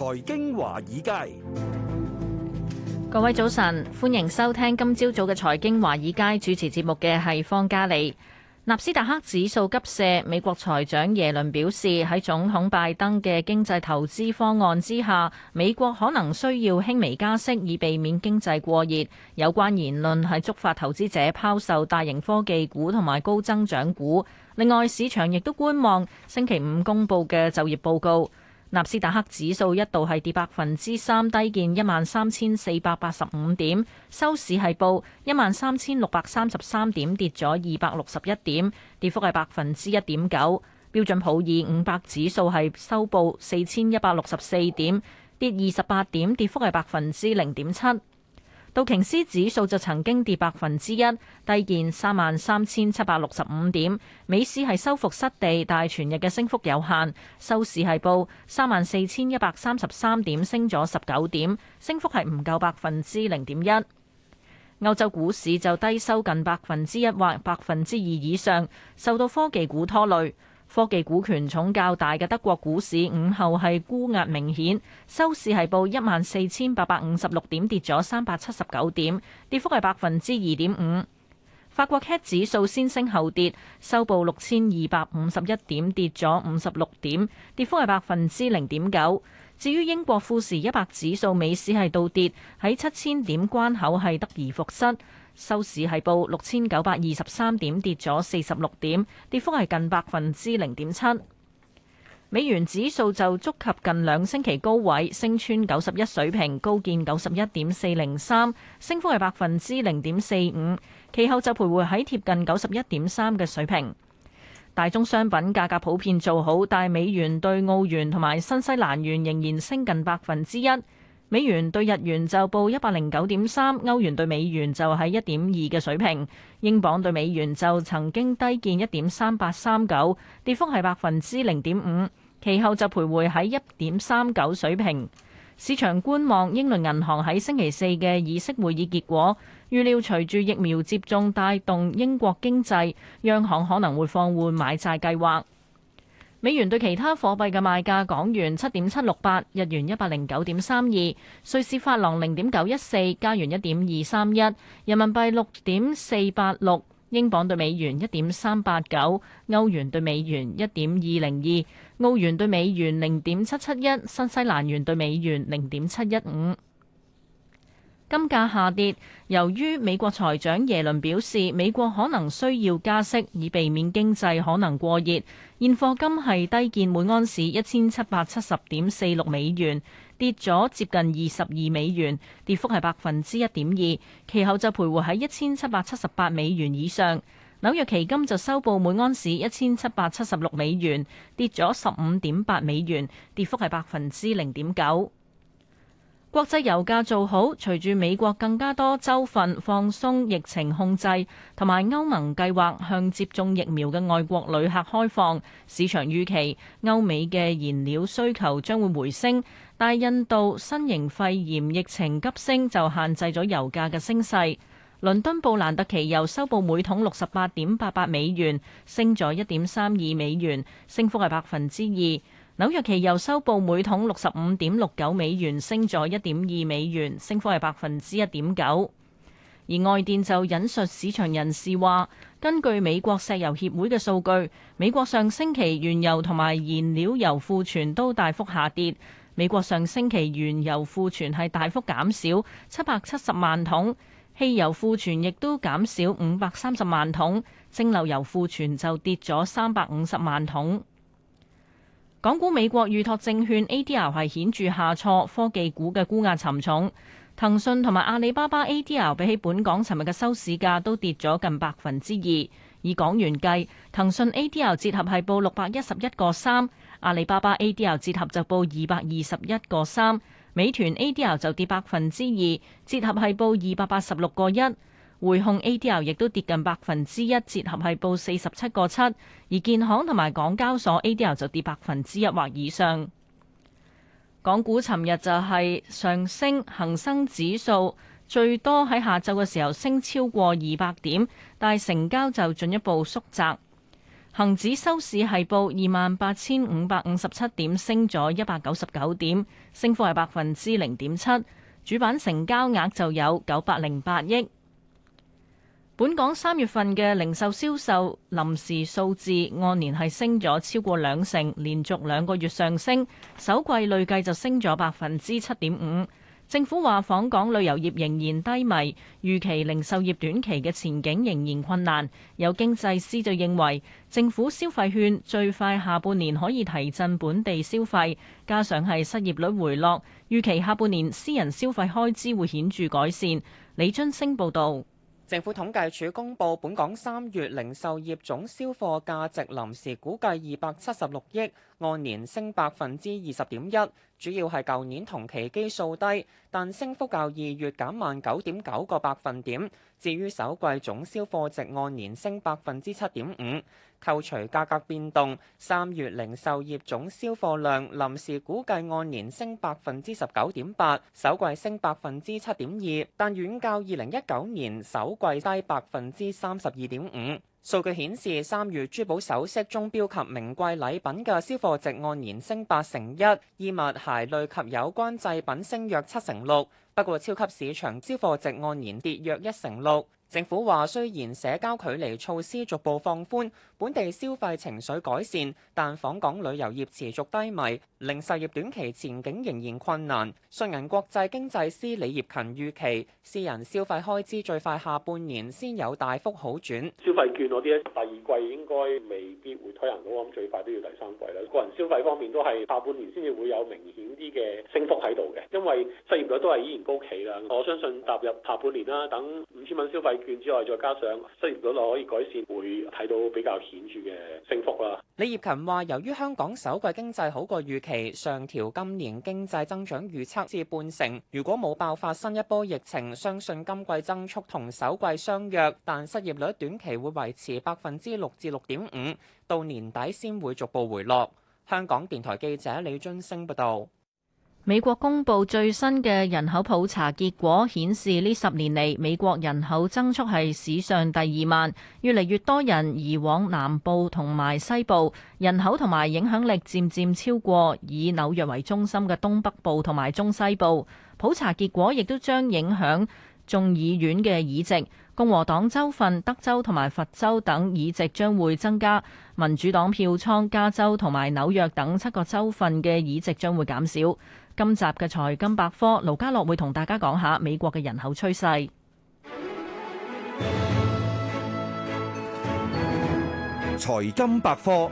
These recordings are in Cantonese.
財經華爾街，各位早晨，歡迎收聽今朝早嘅財經華爾街，主持節目嘅係方嘉利。納斯達克指數急瀉，美國財長耶倫表示喺總統拜登嘅經濟投資方案之下，美國可能需要輕微加息以避免經濟過熱。有關言論係觸發投資者拋售大型科技股同埋高增長股。另外，市場亦都觀望星期五公佈嘅就業報告。納斯達克指數一度係跌百分之三，低見一萬三千四百八十五點，收市係報一萬三千六百三十三點，跌咗二百六十一點，跌幅係百分之一點九。標準普爾五百指數係收報四千一百六十四點，跌二十八點，跌幅係百分之零點七。道瓊斯指數就曾經跌百分之一，低見三萬三千七百六十五點。美市係收復失地，但係全日嘅升幅有限，收市係報三萬四千一百三十三點，升咗十九點，升幅係唔夠百分之零點一。歐洲股市就低收近百分之一或百分之二以上，受到科技股拖累。科技股權重較大嘅德國股市午後係沽壓明顯，收市係報一萬四千八百五十六點，跌咗三百七十九點，跌幅係百分之二點五。法國 CAC 指數先升後跌，收報六千二百五十一點，跌咗五十六點，跌幅係百分之零點九。至於英國富時一百指數，美市係倒跌，喺七千點關口係得而復失。收市係報六千九百二十三點，跌咗四十六點，跌幅係近百分之零點七。美元指數就觸及近兩星期高位，升穿九十一水平，高見九十一點四零三，升幅係百分之零點四五。其後就徘徊喺貼近九十一點三嘅水平。大宗商品價格普遍做好，但美元對澳元同埋新西蘭元仍然升近百分之一。美元對日元就報一百零九點三，歐元對美元就喺一點二嘅水平，英鎊對美元就曾經低見一點三八三九，跌幅係百分之零點五，其後就徘徊喺一點三九水平。市場觀望英倫銀行喺星期四嘅議息會議結果，預料隨住疫苗接種帶動英國經濟，央行可能會放緩買債計劃。美元對其他貨幣嘅賣價：港元七點七六八，日元一百零九點三二，瑞士法郎零點九一四，加元一點二三一，人民幣六點四八六，英鎊對美元一點三八九，歐元對美元一點二零二，澳元對美元零點七七一，新西蘭元對美元零點七一五。金價下跌，由於美國財長耶倫表示美國可能需要加息，以避免經濟可能過熱。現貨金係低見每安士一千七百七十點四六美元，跌咗接近二十二美元，跌幅係百分之一點二。其後就徘徊喺一千七百七十八美元以上。紐約期金就收報每安士一千七百七十六美元，跌咗十五點八美元，跌幅係百分之零點九。國際油價做好，隨住美國更加多州份放鬆疫情控制，同埋歐盟計劃向接種疫苗嘅外國旅客開放，市場預期歐美嘅燃料需求將會回升。但印度新型肺炎疫情急升，就限制咗油價嘅升勢。倫敦布蘭特期油收報每桶六十八點八八美元，升咗一點三二美元，升幅係百分之二。紐約期油收報每桶六十五點六九美元，升咗一點二美元，升幅係百分之一點九。而外電就引述市場人士話，根據美國石油協會嘅數據，美國上星期原油同埋燃料油庫存都大幅下跌。美國上星期原油庫存係大幅減少七百七十萬桶，汽油庫存亦都減少五百三十萬桶，蒸餾油庫存就跌咗三百五十萬桶。港股、美國預託證券 ADR 係顯著下挫，科技股嘅沽壓沉重。騰訊同埋阿里巴巴 ADR 比起本港尋日嘅收市價都跌咗近百分之二。以港元計，騰訊 ADR 折合係報六百一十一個三，阿里巴巴 ADR 折合就報二百二十一個三，美團 ADR 就跌百分之二，折合係報二百八十六個一。匯控 A.D.R. 亦都跌近百分之一，折合係報四十七個七。而建行同埋港交所 A.D.R. 就跌百分之一或以上。港股尋日就係上升，恒生指數最多喺下晝嘅時候升超過二百點，但係成交就進一步縮窄。恒指收市係報二萬八千五百五十七點，升咗一百九十九點，升幅係百分之零點七。主板成交額就有九百零八億。本港三月份嘅零售銷售臨時數字按年係升咗超過兩成，連續兩個月上升，首季累計就升咗百分之七點五。政府話，訪港旅遊業仍然低迷，預期零售業短期嘅前景仍然困難，有經濟師就認為，政府消費券最快下半年可以提振本地消費，加上係失業率回落，預期下半年私人消費開支會顯著改善。李津升報道。政府統計處公布，本港三月零售業總銷貨價值臨時估計二百七十六億，按年升百分之二十點一。主要係舊年同期基數低，但升幅較二月減慢九點九個百分點。至於首季總銷貨值按年升百分之七點五，扣除價格變動，三月零售業總銷貨量臨時估計按年升百分之十九點八，首季升百分之七點二，但遠較二零一九年首季低百分之三十二點五。數據顯示，三月珠寶首飾、鐘錶及名貴禮品嘅銷貨值按年升八成一，衣物、鞋類及有關製品升約七成六。不過，超級市場銷貨值按年跌約一成六。政府話，雖然社交距離措施逐步放寬，本地消費情緒改善，但訪港旅遊業持續低迷，零售業短期前景仍然困難。信銀國際經濟師李業勤預期，私人消費開支最快下半年先有大幅好轉。消費券嗰啲第二季應該未必會推行到，我諗最快都要第三季啦。個人消費方面都係下半年先至會有明顯啲嘅升幅喺度嘅，因為失業率都係依然高企啦。我相信踏入下半年啦，等五千蚊消費券之外，再加上失業率可以改善，會睇到比較顯著嘅升幅啦。李業勤話：由於香港首季經濟好過預期，上調今年經濟增長預測至半成。如果冇爆發新一波疫情，相信今季增速同首季相若，但失業率短期會維持百分之六至六點五，到年底先會逐步回落。香港電台記者李津升報道。美國公布最新嘅人口普查結果顯示，呢十年嚟美國人口增速係史上第二慢，越嚟越多人移往南部同埋西部，人口同埋影響力漸漸超過以紐約為中心嘅東北部同埋中西部。普查結果亦都將影響眾議院嘅議席。共和黨州份德州同埋佛州等議席將會增加，民主黨票倉加州同埋紐約等七個州份嘅議席將會減少。今集嘅財金百科，盧家樂會同大家講下美國嘅人口趨勢。財金百科，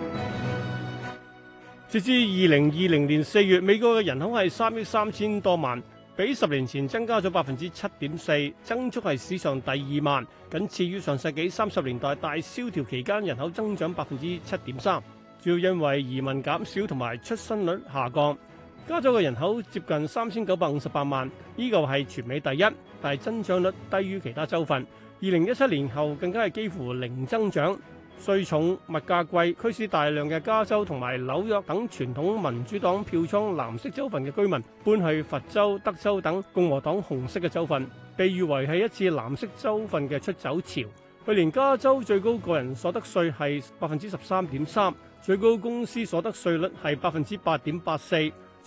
截至二零二零年四月，美國嘅人口係三億三千多萬。比十年前增加咗百分之七點四，增速係史上第二慢，僅次於上世紀三十年代大蕭條期間人口增長百分之七點三。主要因為移民減少同埋出生率下降，加州嘅人口接近三千九百五十八萬，依個係全美第一，但係增長率低於其他州份。二零一七年後更加係幾乎零增長。稅重物價貴，驅使大量嘅加州同埋紐約等傳統民主黨票倉藍色州份嘅居民搬去佛州、德州等共和黨紅色嘅州份，被譽為係一次藍色州份嘅出走潮。去年加州最高個人所得稅係百分之十三點三，最高公司所得稅率係百分之八點八四。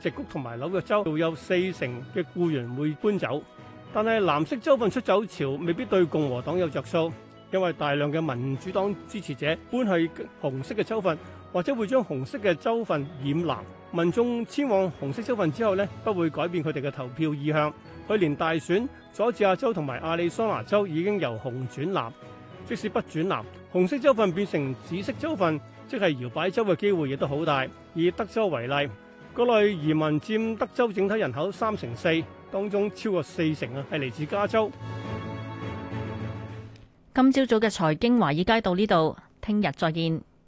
直谷同埋紐約州都有四成嘅雇員會搬走，但係藍色州份出走潮未必對共和黨有着數，因為大量嘅民主黨支持者搬去紅色嘅州份，或者會將紅色嘅州份染藍。民眾遷往紅色州份之後呢，不會改變佢哋嘅投票意向。去年大選，佐治亞州同埋亞利桑那州已經由紅轉藍，即使不轉藍，紅色州份變成紫色州份，即係搖擺州嘅機會亦都好大。以德州為例。嗰類移民佔德州整體人口三成四，當中超過四成啊，係嚟自加州。今朝早嘅財經華爾街到呢度，聽日再見。